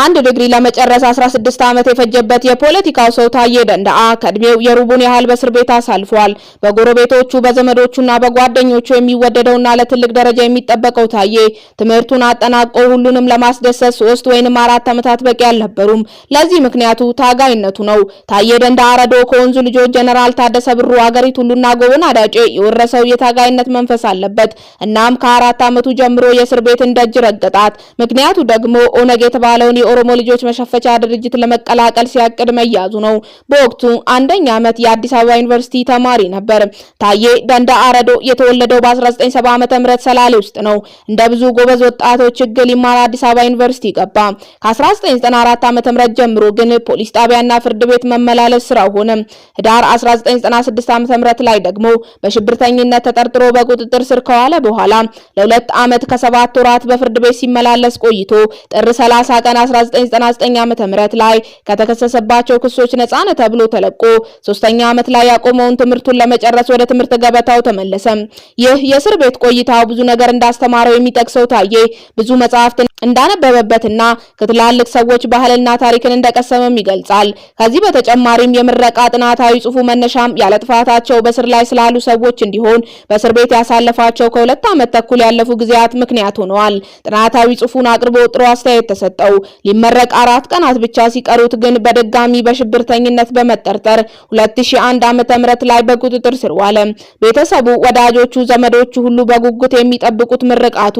አንድ ዲግሪ ለመጨረስ 16 ዓመት የፈጀበት የፖለቲካው ሰው ታዬ ደንደአ ከእድሜው የሩቡን ያህል በእስር ቤት አሳልፏል። በጎረቤቶቹ በዘመዶቹና በጓደኞቹ የሚወደደውና ለትልቅ ደረጃ የሚጠበቀው ታዬ ትምህርቱን አጠናቆ ሁሉንም ለማስደሰት ሶስት ወይንም አራት ዓመታት በቂ አልነበሩም። ለዚህ ምክንያቱ ታጋይነቱ ነው። ታዬ ደንደአ ረዶ ከወንዙ ልጆች ጀነራል ታደሰ ብሩ፣ አገሪቱ ሁሉና ጎቡን አዳጬ የወረሰው የታጋይነት መንፈስ አለበት። እናም ከአራት ዓመቱ ጀምሮ የእስር ቤት ደጅ ረገጣት። ምክንያቱ ደግሞ ኦነግ የተባለውን የኦሮሞ ልጆች መሸፈቻ ድርጅት ለመቀላቀል ሲያቅድ መያዙ ነው። በወቅቱ አንደኛ ዓመት የአዲስ አበባ ዩኒቨርሲቲ ተማሪ ነበር። ታዬ ደንዳ አረዶ የተወለደው በ1970 ዓ ም ሰላሌ ውስጥ ነው። እንደ ብዙ ጎበዝ ወጣቶች ችግር ሊማር አዲስ አበባ ዩኒቨርሲቲ ገባ። ከ1994 ዓ ም ጀምሮ ግን ፖሊስ ጣቢያና ፍርድ ቤት መመላለስ ስራው ሆነ። ህዳር 1996 ዓ ም ላይ ደግሞ በሽብርተኝነት ተጠርጥሮ በቁጥጥር ስር ከዋለ በኋላ ለሁለት ዓመት ከሰባት ወራት በፍርድ ቤት ሲመላለስ ቆይቶ ጥር 30 ቀን 1999 ዓ.ም ላይ ከተከሰሰባቸው ክሶች ነጻነ ተብሎ ተለቆ ሶስተኛ ዓመት ላይ ያቆመውን ትምህርቱን ለመጨረስ ወደ ትምህርት ገበታው ተመለሰም። ይህ የእስር ቤት ቆይታው ብዙ ነገር እንዳስተማረው የሚጠቅሰው ታዬ ብዙ መጽሐፍትን እንዳነበበበትና ከትላልቅ ሰዎች ባህልና ታሪክን እንደቀሰመም ይገልጻል። ከዚህ በተጨማሪም የምረቃ ጥናታዊ ጽሑፉ መነሻም ያለ ጥፋታቸው በእስር ላይ ስላሉ ሰዎች እንዲሆን በእስር ቤት ያሳለፋቸው ከሁለት ዓመት ተኩል ያለፉ ጊዜያት ምክንያት ሆነዋል። ጥናታዊ ጽሑፉን አቅርቦ ጥሩ አስተያየት ተሰጠው። ሊመረቅ አራት ቀናት ብቻ ሲቀሩት ግን በድጋሚ በሽብርተኝነት በመጠርጠር 2001 ዓ.ም ላይ በቁጥጥር ስር ዋለ። ቤተሰቡ፣ ወዳጆቹ፣ ዘመዶቹ ሁሉ በጉጉት የሚጠብቁት ምርቃቱ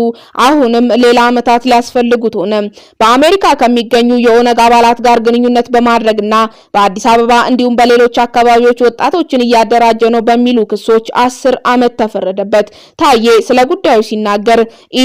አሁንም ሌላ ዓመታት ሊያስፈልጉት ሆነ። በአሜሪካ ከሚገኙ የኦነግ አባላት ጋር ግንኙነት በማድረግና በአዲስ አበባ እንዲሁም በሌሎች አካባቢዎች ወጣቶችን እያደራጀ ነው በሚሉ ክሶች አስር ዓመት ተፈረደበት። ታዬ ስለ ጉዳዩ ሲናገር ኢ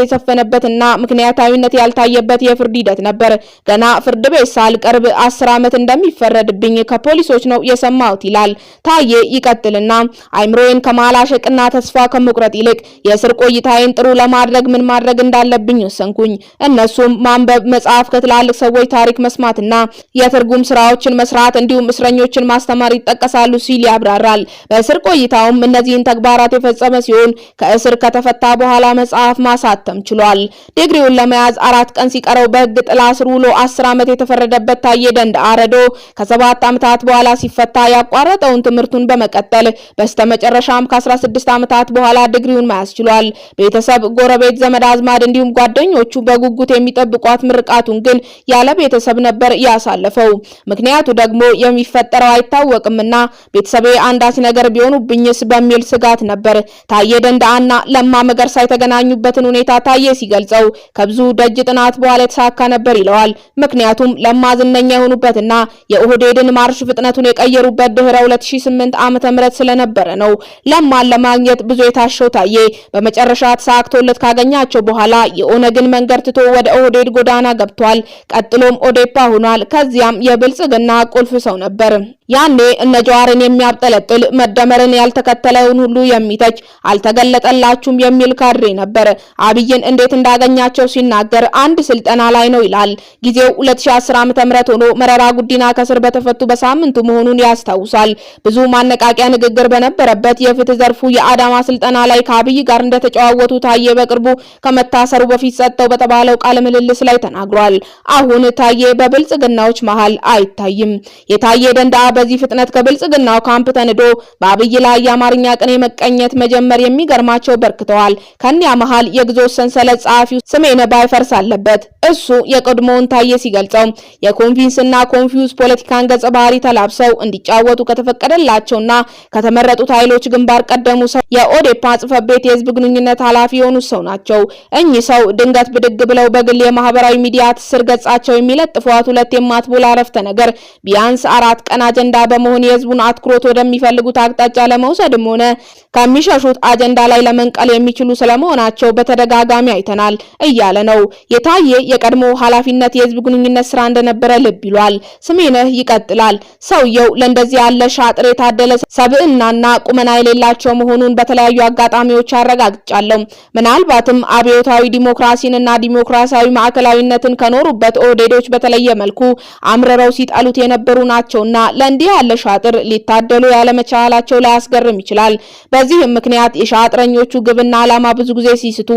የሰፈነበትና ምክንያታዊነት ያልታየበት የፍርድ ሂደት ነበር። ገና ፍርድ ቤት ሳልቀርብ አስር ዓመት እንደሚፈረድብኝ ከፖሊሶች ነው የሰማሁት ይላል ታዬ። ይቀጥልና አይምሮዬን ከማላሸቅና ተስፋ ከመቁረጥ ይልቅ የእስር ቆይታዬን ጥሩ ለማድረግ ምን ማድረግ እንዳለብኝ ወሰንኩኝ። እነሱም ማንበብ፣ መጽሐፍ፣ ከትላልቅ ሰዎች ታሪክ መስማትና የትርጉም ስራዎችን መስራት እንዲሁም እስረኞችን ማስተማር ይጠቀሳሉ ሲል ያብራራል። በእስር ቆይታውም እነዚህን ተግባራት የፈጸመ ሲሆን ከእስር ከተፈታ በኋላ መጽሐፍ ማሳተም ችሏል። ዲግሪውን ለመያዝ አራት ቀን ሲቀረው በህግ በሕግ ጥላ ስር ውሎ አስር ዓመት የተፈረደበት ታዬ ደንደዓ ረዶ ከሰባት ዓመታት በኋላ ሲፈታ ያቋረጠውን ትምህርቱን በመቀጠል በስተመጨረሻም ከ16 ዓመታት በኋላ ድግሪውን መያዝ ችሏል። ቤተሰብ፣ ጎረቤት፣ ዘመድ አዝማድ እንዲሁም ጓደኞቹ በጉጉት የሚጠብቋት ምርቃቱን ግን ያለ ቤተሰብ ነበር ያሳለፈው። ምክንያቱ ደግሞ የሚፈጠረው አይታወቅምና ቤተሰቤ አንዳች ነገር ቢሆኑብኝስ በሚል ስጋት ነበር። ታዬ ደንደዓና ለማ መገርሳ የተገናኙበትን ሁኔታ ታዬ ሲገልጸው ከብዙ ደጅ ጥናት በኋላ የተሳካ ይሳካ ነበር ይለዋል። ምክንያቱም ለማ ዝነኛ የሆኑበትና የኦህዴድን ማርሽ ፍጥነቱን የቀየሩበት ድህረ 2008 ዓመተ ምህረት ስለነበረ ነው። ለማን ለማግኘት ብዙ የታሸው ታዬ በመጨረሻ ተሳክቶለት ካገኛቸው በኋላ የኦነግን መንገድ ትቶ ወደ ኦህዴድ ጎዳና ገብቷል። ቀጥሎም ኦዴፓ ሆኗል። ከዚያም የብልጽግና ቁልፍ ሰው ነበር። ያኔ እነ ጀዋርን የሚያብጠለጥል መደመርን ያልተከተለውን ሁሉ የሚተች አልተገለጠላችሁም የሚል ካድሬ ነበር። አብይን እንዴት እንዳገኛቸው ሲናገር አንድ ስልጠና ላይ ነው ይላል። ጊዜው 2010 ዓ.ም ሆኖ መረራ ጉዲና ከስር በተፈቱ በሳምንቱ መሆኑን ያስታውሳል። ብዙ ማነቃቂያ ንግግር በነበረበት የፍትህ ዘርፉ የአዳማ ስልጠና ላይ ከአብይ ጋር እንደተጨዋወቱ ታዬ በቅርቡ ከመታሰሩ በፊት ሰጥተው በተባለው ቃለ ምልልስ ላይ ተናግሯል። አሁን ታዬ በብልጽግናዎች መሃል አይታይም። የታዬ ደንዳ በዚህ ፍጥነት ከብልጽግናው ካምፕ ተንዶ በአብይ ላይ የአማርኛ ቅኔ መቀኘት መጀመር የሚገርማቸው በርክተዋል። ከኒያ መሃል የግዞት ሰንሰለት ጸሐፊው ስሜነ ባይፈርስ አለበት። እሱ የቀድሞውን ታዬ ሲገልጸው የኮንቪንስና ኮንፊውዝ ፖለቲካን ገጸ ባህሪ ተላብሰው እንዲጫወቱ ከተፈቀደላቸውና ከተመረጡት ኃይሎች ግንባር ቀደሙ ሰው የኦዴፓ ጽሕፈት ቤት የህዝብ ግንኙነት ኃላፊ የሆኑት ሰው ናቸው። እኚህ ሰው ድንገት ብድግ ብለው በግል የማህበራዊ ሚዲያ ትስር ገጻቸው የሚለጥፏት ሁለት የማትቦል አረፍተ ነገር ቢያንስ አራት ቀን አጀንዳ በመሆን የህዝቡን አትኩሮት ወደሚፈልጉት አቅጣጫ ለመውሰድም ሆነ ከሚሸሹት አጀንዳ ላይ ለመንቀል የሚችሉ ስለመሆናቸው በተደጋጋሚ አይተናል እያለ ነው። የታየ የቀድሞ የቀድሞ ኃላፊነት የህዝብ ግንኙነት ስራ እንደነበረ ልብ ይሏል። ስሜነህ ይቀጥላል። ሰውየው ለእንደዚህ ያለ ሻጥር የታደለ ሰብዕናና ቁመና የሌላቸው መሆኑን በተለያዩ አጋጣሚዎች አረጋግጫለሁ። ምናልባትም አብዮታዊ ዲሞክራሲንና ዲሞክራሲያዊ ማዕከላዊነትን ከኖሩበት ኦህዴዶች በተለየ መልኩ አምርረው ሲጠሉት የነበሩ ናቸውና ለእንዲህ ያለ ሻጥር ሊታደሉ ያለመቻላቸው ላያስገርም ይችላል። በዚህም ምክንያት የሻጥረኞቹ ግብና ዓላማ ብዙ ጊዜ ሲስቱ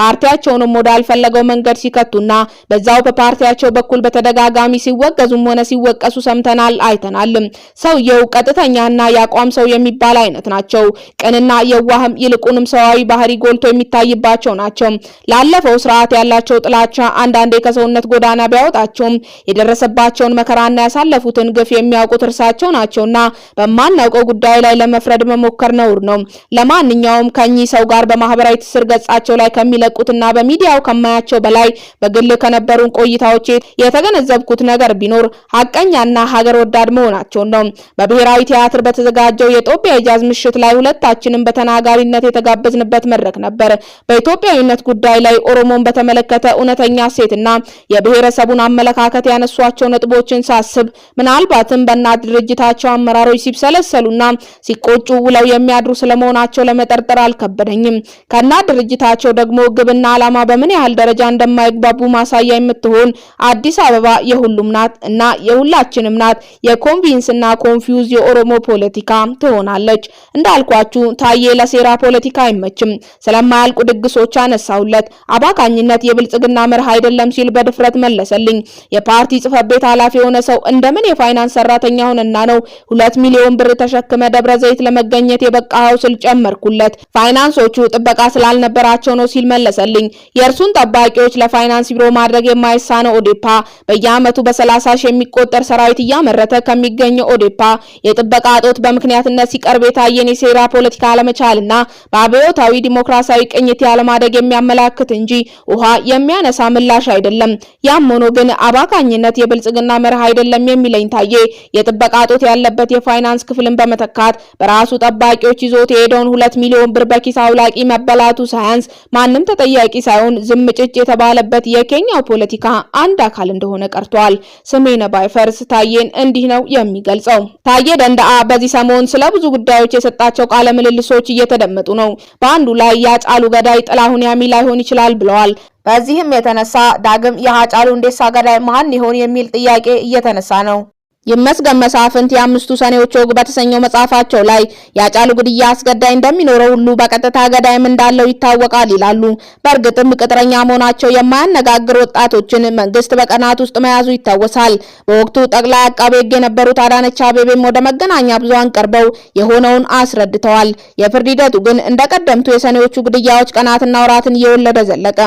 ፓርቲያቸውንም ወዳልፈለገው መንገድ ሲከቱና በዛው በፓርቲያቸው በኩል በተደጋጋሚ ሲወገዙም ሆነ ሲወቀሱ ሰምተናል አይተናልም። ሰውየው ቀጥተኛና የአቋም ሰው የሚባል አይነት ናቸው። ቅንና የዋህም ይልቁንም ሰዋዊ ባህሪ ጎልቶ የሚታይባቸው ናቸው። ላለፈው ስርዓት ያላቸው ጥላቻ አንዳንዴ ከሰውነት ጎዳና ቢያወጣቸውም የደረሰባቸውን መከራና ያሳለፉትን ግፍ የሚያውቁት እርሳቸው ናቸውና በማናውቀው ጉዳይ ላይ ለመፍረድ መሞከር ነውር ነው። ለማንኛውም ከኚህ ሰው ጋር በማህበራዊ ትስስር ገጻቸው ላይ ከሚለቁትና በሚዲያው ከማያቸው በላይ በግል ከነ የነበሩን ቆይታዎች የተገነዘብኩት ነገር ቢኖር ሀቀኛና ሀገር ወዳድ መሆናቸውን ነው። በብሔራዊ ቲያትር በተዘጋጀው የጦቢያ የጃዝ ምሽት ላይ ሁለታችንም በተናጋሪነት የተጋበዝንበት መድረክ ነበር። በኢትዮጵያዊነት ጉዳይ ላይ ኦሮሞን በተመለከተ እውነተኛ ሴትና የብሔረሰቡን አመለካከት ያነሷቸው ነጥቦችን ሳስብ ምናልባትም በእናት ድርጅታቸው አመራሮች ሲብሰለሰሉና ሲቆጩ ውለው የሚያድሩ ስለመሆናቸው ለመጠርጠር አልከበደኝም። ከእናት ድርጅታቸው ደግሞ ግብና ዓላማ በምን ያህል ደረጃ እንደማይግባቡ ማሳያ የምትሆን አዲስ አበባ የሁሉም ናት እና የሁላችንም ናት። የኮንቪንስና ኮንፊውዝ የኦሮሞ ፖለቲካ ትሆናለች። እንዳልኳችሁ ታዬ ለሴራ ፖለቲካ አይመችም። ስለማያልቁ ድግሶች አነሳሁለት። አባካኝነት የብልጽግና መርህ አይደለም ሲል በድፍረት መለሰልኝ። የፓርቲ ጽህፈት ቤት ኃላፊ የሆነ ሰው እንደምን የፋይናንስ ሰራተኛ ሆነና ነው ሁለት ሚሊዮን ብር ተሸክመ ደብረ ዘይት ለመገኘት የበቃኸው ስል ጨመርኩለት። ፋይናንሶቹ ጥበቃ ስላልነበራቸው ነው ሲል መለሰልኝ። የእርሱን ጠባቂዎች ለፋይናንስ ቢሮ ማድረግ ማድረግ የማይሳነው ኦዴፓ በየአመቱ በሰላሳ ሺህ የሚቆጠር ሰራዊት እያመረተ ከሚገኘው ኦዴፓ የጥበቃ እጦት በምክንያትነት ሲቀርብ የታየን የሴራ ፖለቲካ አለመቻልና በአብዮታዊ ዲሞክራሲያዊ ቅኝት ያለማደግ የሚያመላክት እንጂ ውሃ የሚያነሳ ምላሽ አይደለም። ያም ሆኖ ግን አባካኝነት የብልጽግና መርህ አይደለም የሚለኝ ታዬ የጥበቃ እጦት ያለበት የፋይናንስ ክፍልን በመተካት በራሱ ጠባቂዎች ይዞት የሄደውን ሁለት ሚሊዮን ብር በኪስ አውላቂ መበላቱ ሳያንስ ማንም ተጠያቂ ሳይሆን ዝምጭጭ የተባለበት የኬንያው ፖለቲካ አንድ አካል እንደሆነ ቀርቷል። ስሜነ ባይፈርስ ታዬን እንዲህ ነው የሚገልጸው። ታዬ ደንዳአ በዚህ ሰሞን ስለ ብዙ ጉዳዮች የሰጣቸው ቃለ ምልልሶች እየተደመጡ ነው። በአንዱ ላይ ያጫሉ ገዳይ ጥላሁን ያሚ ላይሆን ይችላል ብለዋል። በዚህም የተነሳ ዳግም የሃጫሉ ሁንዴሳ ገዳይ ማን ይሆን የሚል ጥያቄ እየተነሳ ነው። ይመስገን መሳፍንት የአምስቱ ሰኔዎች ወግ በተሰኘው መጽሐፋቸው ላይ የአጫሉ ግድያ አስገዳይ እንደሚኖረው ሁሉ በቀጥታ ገዳይም እንዳለው ይታወቃል ይላሉ። በእርግጥም ቅጥረኛ መሆናቸው የማያነጋግር ወጣቶችን መንግስት በቀናት ውስጥ መያዙ ይታወሳል። በወቅቱ ጠቅላይ አቃቤ ሕግ የነበሩት አዳነች አቤቤም ወደ መገናኛ ብዙሃን ቀርበው የሆነውን አስረድተዋል። የፍርድ ሂደቱ ግን እንደ ቀደምቱ የሰኔዎቹ ግድያዎች ቀናትና ወራትን እየወለደ ዘለቀ።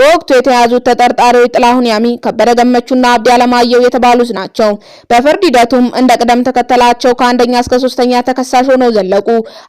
በወቅቱ የተያዙት ተጠርጣሪዎች ጥላሁን ያሚ፣ ከበደ ገመቹና አብዲ አለማየሁ የተባሉት ናቸው። በፍርድ የፍርድ ሂደቱም እንደ ቅደም ተከተላቸው ከአንደኛ እስከ ሶስተኛ ተከሳሽ ሆነው ዘለቁ።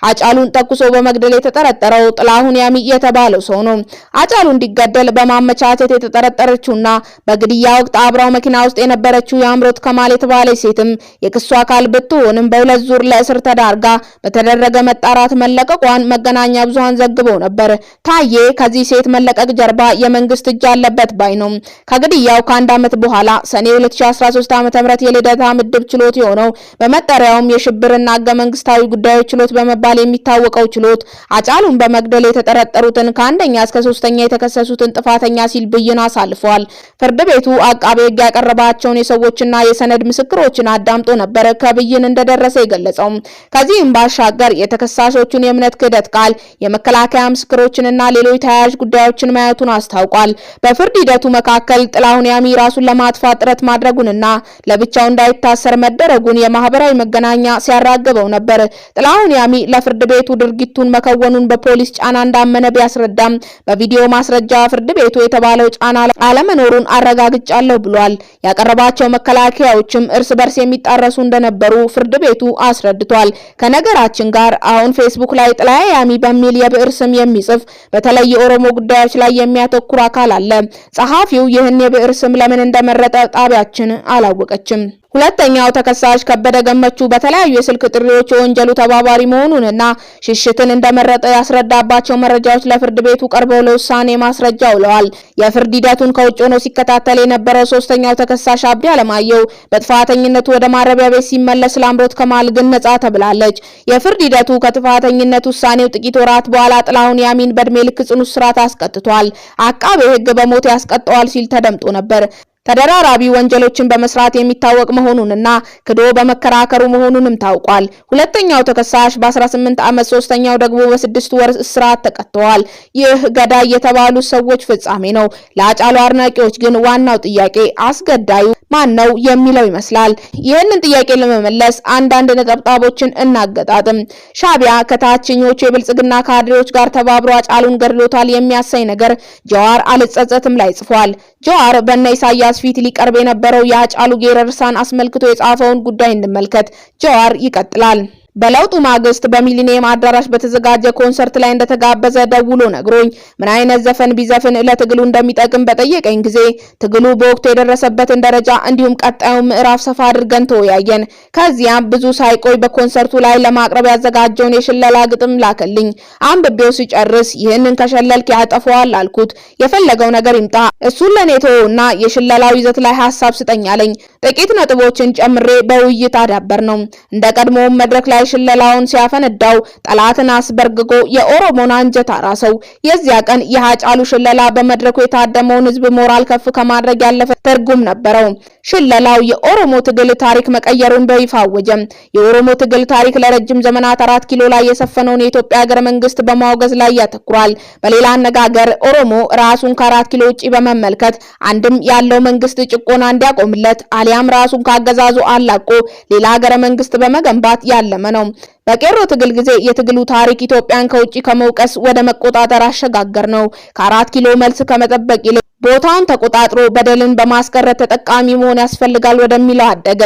አጫሉን ተኩሶ በመግደል የተጠረጠረው ጥላሁን ያሚ የተባለው ሰው ነው። አጫሉ እንዲገደል በማመቻቸት የተጠረጠረችውና በግድያ ወቅት አብራው መኪና ውስጥ የነበረችው የአምሮት ከማል የተባለች ሴትም የክሱ አካል ብትሆንም በሁለት ዙር ለእስር ተዳርጋ በተደረገ መጣራት መለቀቋን መገናኛ ብዙሃን ዘግበው ነበር። ታዬ ከዚህ ሴት መለቀቅ ጀርባ የመንግስት እጅ አለበት ባይ ነው። ከግድያው ከአንድ ዓመት በኋላ ሰኔ 2013 ዓ.ም የልደታ ምድብ ችሎት የሆነው በመጠሪያውም የሽብርና ህገ መንግስታዊ ጉዳዮች ችሎት በመባል የሚታወቀው ችሎት አጫሉን በመግደል የተጠረጠሩትን ከአንደኛ እስከ ሶስተኛ የተከሰሱትን ጥፋተኛ ሲል ብይን አሳልፏል። ፍርድ ቤቱ አቃቤ ህግ ያቀረባቸውን የሰዎችና የሰነድ ምስክሮችን አዳምጦ ነበር ከብይን እንደደረሰ የገለጸው። ከዚህም ባሻገር የተከሳሾቹን የእምነት ክህደት ቃል፣ የመከላከያ ምስክሮችንና ሌሎች ተያያዥ ጉዳዮችን ማየቱን አስታውቋል። በፍርድ ሂደቱ መካከል ጥላሁን ያሚ ራሱን ለማጥፋት ጥረት ማድረጉንና ለብቻው እንዳይታ እንዲታሰር መደረጉን የማህበራዊ መገናኛ ሲያራግበው ነበር። ጥላሁን ያሚ ለፍርድ ቤቱ ድርጊቱን መከወኑን በፖሊስ ጫና እንዳመነ ቢያስረዳም በቪዲዮ ማስረጃ ፍርድ ቤቱ የተባለው ጫና አለመኖሩን አረጋግጫለሁ ብሏል። ያቀረባቸው መከላከያዎችም እርስ በርስ የሚጣረሱ እንደነበሩ ፍርድ ቤቱ አስረድቷል። ከነገራችን ጋር አሁን ፌስቡክ ላይ ጥላዬ ያሚ በሚል የብዕር ስም የሚጽፍ በተለይ የኦሮሞ ጉዳዮች ላይ የሚያተኩር አካል አለ። ጸሐፊው ይህን የብዕር ስም ለምን እንደመረጠ ጣቢያችን አላወቀችም። ሁለተኛው ተከሳሽ ከበደ ገመቹ በተለያዩ የስልክ ጥሪዎች የወንጀሉ ተባባሪ መሆኑንና ሽሽትን እንደመረጠ ያስረዳባቸው መረጃዎች ለፍርድ ቤቱ ቀርበው ለውሳኔ ማስረጃ ውለዋል። የፍርድ ሂደቱን ከውጭ ሆኖ ሲከታተል የነበረው ሶስተኛው ተከሳሽ አብዲ አለማየሁ በጥፋተኝነቱ ወደ ማረቢያ ቤት ሲመለስ ላምሮት ከማል ግን ነጻ ተብላለች። የፍርድ ሂደቱ ከጥፋተኝነት ውሳኔው ጥቂት ወራት በኋላ ጥላሁን ያሚን በእድሜ ልክ ጽኑ እስራት አስቀጥቷል። አቃቤ ሕግ በሞት ያስቀጠዋል ሲል ተደምጦ ነበር። ተደራራቢ ወንጀሎችን በመስራት የሚታወቅ መሆኑንና ክዶ በመከራከሩ መሆኑንም ታውቋል። ሁለተኛው ተከሳሽ በ18 ዓመት፣ ሶስተኛው ደግሞ በስድስት ወር እስራት ተቀጥተዋል። ይህ ገዳይ የተባሉ ሰዎች ፍጻሜ ነው። ለአጫሉ አድናቂዎች ግን ዋናው ጥያቄ አስገዳዩ ማን ነው የሚለው ይመስላል። ይህንን ጥያቄ ለመመለስ አንዳንድ ነጠብጣቦችን እናገጣጥም። ሻቢያ ከታችኞቹ የብልጽግና ካድሬዎች ጋር ተባብሮ አጫሉን ገድሎታል የሚያሳይ ነገር ጀዋር አልጸጸትም ላይ ጽፏል። ጀዋር በእነ ኢሳያስ ፊት ሊቀርብ የነበረው የሃጫሉ ሁንዴሳን አስመልክቶ የጻፈውን ጉዳይ እንመልከት። ጀዋር ይቀጥላል። በለውጡ ማግስት በሚሊኒየም አዳራሽ በተዘጋጀ ኮንሰርት ላይ እንደተጋበዘ ደውሎ ነግሮኝ ምን አይነት ዘፈን ቢዘፍን ለትግሉ እንደሚጠቅም በጠየቀኝ ጊዜ ትግሉ በወቅቱ የደረሰበትን ደረጃ እንዲሁም ቀጣዩ ምዕራፍ ሰፋ አድርገን ተወያየን። ከዚያም ብዙ ሳይቆይ በኮንሰርቱ ላይ ለማቅረብ ያዘጋጀውን የሽለላ ግጥም ላከልኝ። አንብቤው ሲጨርስ ይህንን ከሸለልክ ያጠፈዋል አልኩት። የፈለገው ነገር ይምጣ እሱን ለኔ ተወውና የሽለላው ይዘት ላይ ሀሳብ ስጠኝ አለኝ። ጥቂት ነጥቦችን ጨምሬ በውይይት አዳበር ነው። እንደ ቀድሞውም መድረክ ላይ ሽለላውን ሲያፈነዳው ጠላትን አስበርግጎ የኦሮሞን አንጀት አራሰው። የዚያ ቀን የሃጫሉ ሽለላ በመድረኩ የታደመውን ህዝብ ሞራል ከፍ ከማድረግ ያለፈ ትርጉም ነበረው። ሽለላው የኦሮሞ ትግል ታሪክ መቀየሩን በይፋ አወጀም። የኦሮሞ ትግል ታሪክ ለረጅም ዘመናት አራት ኪሎ ላይ የሰፈነውን የኢትዮጵያ ሀገረ መንግስት በማውገዝ ላይ ያተኩራል። በሌላ አነጋገር ኦሮሞ ራሱን ከአራት ኪሎ ውጪ በመመልከት አንድም ያለው መንግስት ጭቆና እንዲያቆምለት አሊያ አሊያም ራሱን ካገዛዙ አላቆ ሌላ ሀገረ መንግስት በመገንባት ያለመ ነው። በቄሮ ትግል ጊዜ የትግሉ ታሪክ ኢትዮጵያን ከውጭ ከመውቀስ ወደ መቆጣጠር አሸጋገር ነው። ከአራት ኪሎ መልስ ከመጠበቅ ይልቅ ቦታውን ተቆጣጥሮ በደልን በማስቀረት ተጠቃሚ መሆን ያስፈልጋል ወደሚለው አደገ።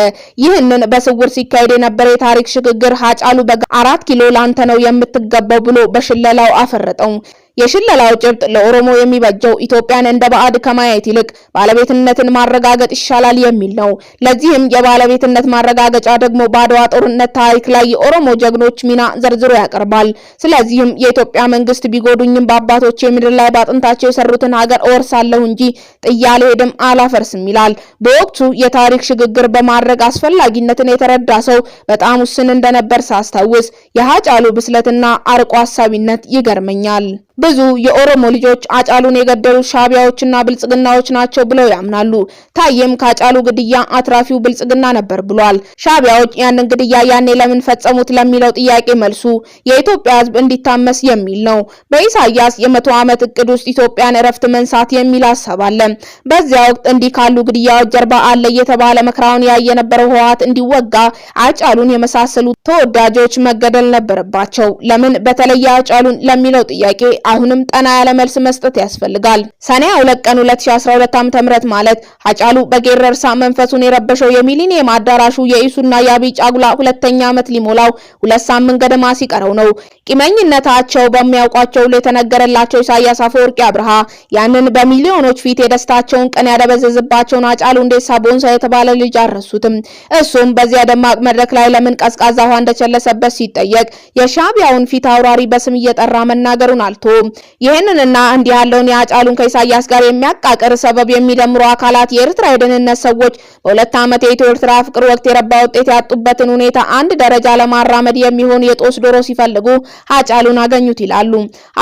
ይህንን በስውር ሲካሄድ የነበረ የታሪክ ሽግግር ሀጫሉ በጋ አራት ኪሎ ላንተ ነው የምትገባው ብሎ በሽለላው አፈረጠው። የሽለላው ጭብጥ ለኦሮሞ የሚበጀው ኢትዮጵያን እንደ ባዕድ ከማየት ይልቅ ባለቤትነትን ማረጋገጥ ይሻላል የሚል ነው። ለዚህም የባለቤትነት ማረጋገጫ ደግሞ በአድዋ ጦርነት ታሪክ ላይ የኦሮሞ ጀግኖች ሚና ዘርዝሮ ያቀርባል። ስለዚህም የኢትዮጵያ መንግስት ቢጎዱኝም በአባቶች የምድር ላይ ባጥንታቸው የሰሩትን ሀገር እወርሳለሁ እንጂ ጥዬ አልሄድም አላፈርስም ይላል። በወቅቱ የታሪክ ሽግግር በማድረግ አስፈላጊነትን የተረዳ ሰው በጣም ውስን እንደነበር ሳስታውስ የሀጫሉ ብስለትና አርቆ ሀሳቢነት ይገርመኛል። ብዙ የኦሮሞ ልጆች አጫሉን የገደሉ ሻቢያዎችና ብልጽግናዎች ናቸው ብለው ያምናሉ። ታዬም ከአጫሉ ግድያ አትራፊው ብልጽግና ነበር ብሏል። ሻቢያዎች ያንን ግድያ ያኔ ለምን ፈጸሙት ለሚለው ጥያቄ መልሱ የኢትዮጵያ ሕዝብ እንዲታመስ የሚል ነው። በኢሳያስ የመቶ ዓመት እቅድ ውስጥ ኢትዮጵያን እረፍት መንሳት የሚል ሀሳብ አለ። በዚያ ወቅት እንዲህ ካሉ ግድያዎች ጀርባ አለ እየተባለ መከራውን ያየ የነበረው ህወሓት እንዲወጋ አጫሉን የመሳሰሉ ተወዳጆች መገደል ነበረባቸው። ለምን በተለየ አጫሉን ለሚለው ጥያቄ አሁንም ጠና ያለ መልስ መስጠት ያስፈልጋል። ሰኔ 2 ቀን 2012 ዓ.ም ማለት ሀጫሉ በጌረርሳ መንፈሱን የረበሸው የሚሊኒየም አዳራሹ የኢሱና የአብይ ጫጉላ ሁለተኛ ዓመት ሊሞላው ሁለት ሳምንት ገደማ ሲቀረው ነው። ቂመኝነታቸው በሚያውቋቸው የተነገረላቸው ኢሳያስ አፈወርቂ አብርሃ ያንን በሚሊዮኖች ፊት የደስታቸውን ቀን ያደበዘዝባቸውን አጫሉ ሁንዴሳ ቦንሳ የተባለ ልጅ አልረሱትም። እሱም በዚያ ደማቅ መድረክ ላይ ለምን ቀዝቃዛ ውሃ እንደቸለሰበት ሲጠየቅ የሻቢያውን ፊት አውራሪ በስም እየጠራ መናገሩን አልቶ ይህንንና እንዲህ ያለውን የአጫሉን ከኢሳያስ ጋር የሚያቃቅር ሰበብ የሚደምሩ አካላት የኤርትራ የደህንነት ሰዎች በሁለት ዓመት የኢትዮ ኤርትራ ፍቅር ወቅት የረባ ውጤት ያጡበትን ሁኔታ አንድ ደረጃ ለማራመድ የሚሆን የጦስ ዶሮ ሲፈልጉ አጫሉን አገኙት ይላሉ።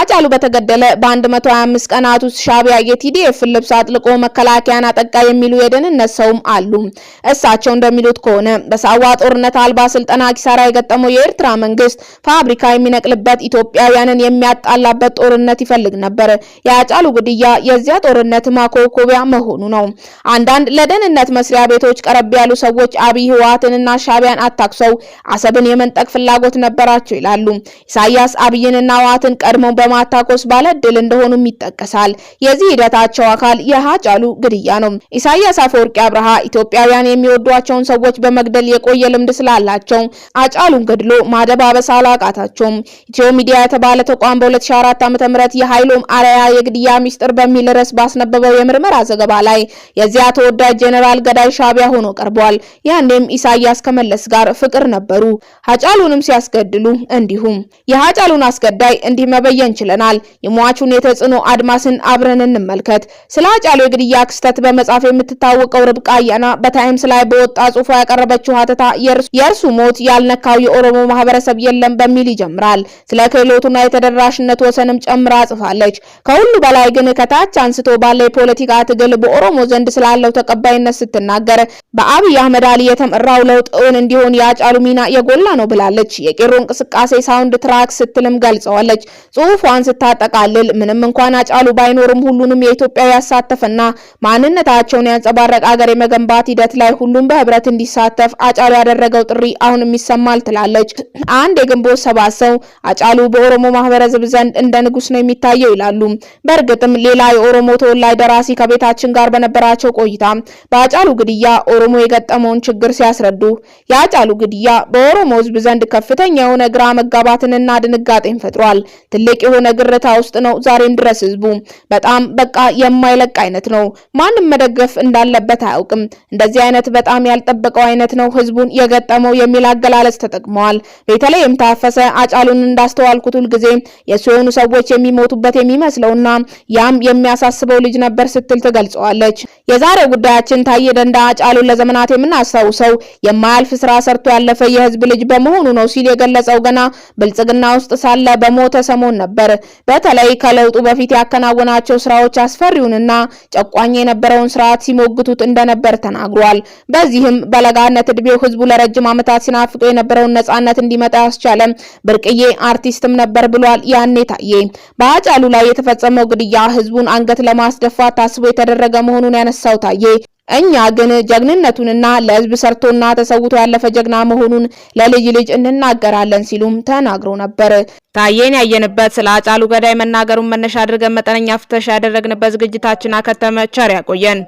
አጫሉ በተገደለ በ125 ቀናት ውስጥ ሻቢያ የቲዲኤፍ ልብስ አጥልቆ መከላከያን አጠቃ የሚሉ የደህንነት ሰውም አሉ። እሳቸው እንደሚሉት ከሆነ በሳዋ ጦርነት አልባ ስልጠና ኪሳራ የገጠመው የኤርትራ መንግስት ፋብሪካ የሚነቅልበት ኢትዮጵያውያንን የሚያጣላበት ጦርነት ይፈልግ ነበር። የአጫሉ ግድያ የዚያ ጦርነት ማኮኮቢያ መሆኑ ነው። አንዳንድ ለደህንነት መስሪያ ቤቶች ቀረብ ያሉ ሰዎች አብይ ህወሓትንና ሻቢያን አታክሰው አሰብን የመንጠቅ ፍላጎት ነበራቸው ይላሉ። ኢሳያስ አብይንና ህወሓትን ቀድሞ በማታኮስ ባለ ድል እንደሆኑም ይጠቀሳል። የዚህ ሂደታቸው አካል የሃጫሉ ግድያ ነው። ኢሳያስ አፈወርቂ አብርሃ ኢትዮጵያውያን የሚወዷቸውን ሰዎች በመግደል የቆየ ልምድ ስላላቸው አጫሉን ገድሎ ማደባበስ አላቃታቸውም። ኢትዮ ሚዲያ የተባለ ተቋም በ2004 ዓ.ም የኃይሎም አርአያ የግድያ ሚስጥር በሚል ርዕስ ባስነበበው የምርመራ ዘገባ ላይ የዚያ ተወዳጅ ጄኔራል ገዳይ ሻቢያ ሆኖ ቀርቧል። ያኔም ኢሳያስ ከመለስ ጋር ፍቅር ነበሩ። ሀጫሉንም ሲያስገድሉ እንዲሁም የሀጫሉን አስገዳይ እንዲህ መበየን ችለናል። የሟቹን የተጽዕኖ አድማስን አብረን እንመልከት። ስለ ሀጫሉ የግድያ ክስተት በመጻፍ የምትታወቀው ርብቃ አያና በታይምስ ላይ በወጣ ጽሑፏ ያቀረበችው ሀተታ የእርሱ ሞት ያልነካው የኦሮሞ ማህበረሰብ የለም በሚል ይጀምራል። ስለ ክህሎቱና የተደራሽነት ወሰን መሆኑንም ጨምራ ጽፋለች። ከሁሉ በላይ ግን ከታች አንስቶ ባለ የፖለቲካ ትግል በኦሮሞ ዘንድ ስላለው ተቀባይነት ስትናገር በአብይ አህመድ አሊ የተመራው ለውጥ እውን እንዲሆን ያጫሉ ሚና የጎላ ነው ብላለች። የቄሮ እንቅስቃሴ ሳውንድ ትራክ ስትልም ገልጸዋለች። ጽሁፏን ስታጠቃልል ምንም እንኳን አጫሉ ባይኖርም ሁሉንም የኢትዮጵያ ያሳተፈና ማንነታቸውን ያንጸባረቀ አገር የመገንባት ሂደት ላይ ሁሉም በህብረት እንዲሳተፍ አጫሉ ያደረገው ጥሪ አሁንም ይሰማል ትላለች። አንድ የግንቦት ሰባት ሰው አጫሉ በኦሮሞ ማህበረሰብ ዘንድ እንደ ንጉስ ነው የሚታየው ይላሉ። በእርግጥም ሌላ የኦሮሞ ተወላጅ ደራሲ ከቤታችን ጋር በነበራቸው ቆይታ በአጫሉ ግድያ ኦሮሞ የገጠመውን ችግር ሲያስረዱ የአጫሉ ግድያ በኦሮሞ ህዝብ ዘንድ ከፍተኛ የሆነ ግራ መጋባትንና ድንጋጤን ፈጥሯል። ትልቅ የሆነ ግርታ ውስጥ ነው ዛሬም ድረስ ህዝቡ በጣም በቃ የማይለቅ አይነት ነው። ማንም መደገፍ እንዳለበት አያውቅም። እንደዚህ አይነት በጣም ያልጠበቀው አይነት ነው ህዝቡን የገጠመው የሚል አገላለጽ ተጠቅመዋል። በተለይም ታፈሰ አጫሉን እንዳስተዋልኩት ሁልጊዜ የሱ የሆኑ ሰዎች ሰዎች የሚሞቱበት የሚመስለውና ያም የሚያሳስበው ልጅ ነበር ስትል ትገልጸዋለች። የዛሬው ጉዳያችን ታዬ ደንዳ ጫሉን ለዘመናት የምናስታውሰው የማያልፍ ስራ ሰርቶ ያለፈ የህዝብ ልጅ በመሆኑ ነው ሲል የገለጸው ገና ብልጽግና ውስጥ ሳለ በሞተ ሰሞን ነበር። በተለይ ከለውጡ በፊት ያከናወናቸው ስራዎች አስፈሪውንና ጨቋኝ የነበረውን ስርዓት ሲሞግቱት እንደነበር ተናግሯል። በዚህም በለጋነት እድሜው ህዝቡ ለረጅም ዓመታት ሲናፍቀው የነበረውን ነጻነት እንዲመጣ ያስቻለም ብርቅዬ አርቲስትም ነበር ብሏል። ያኔ ታዬ በአጫሉ ላይ የተፈጸመው ግድያ ህዝቡን አንገት ለማስደፋት ታስቦ የተደረገ መሆኑን ያነሳው ታዬ እኛ ግን ጀግንነቱንና ለህዝብ ሰርቶና ተሰውቶ ያለፈ ጀግና መሆኑን ለልጅ ልጅ እንናገራለን ሲሉም ተናግሮ ነበር። ታዬን ያየንበት ስለ አጫሉ ገዳይ መናገሩን መነሻ አድርገን መጠነኛ ፍተሻ ያደረግንበት ዝግጅታችን አከተመ። ቸር ያቆየን።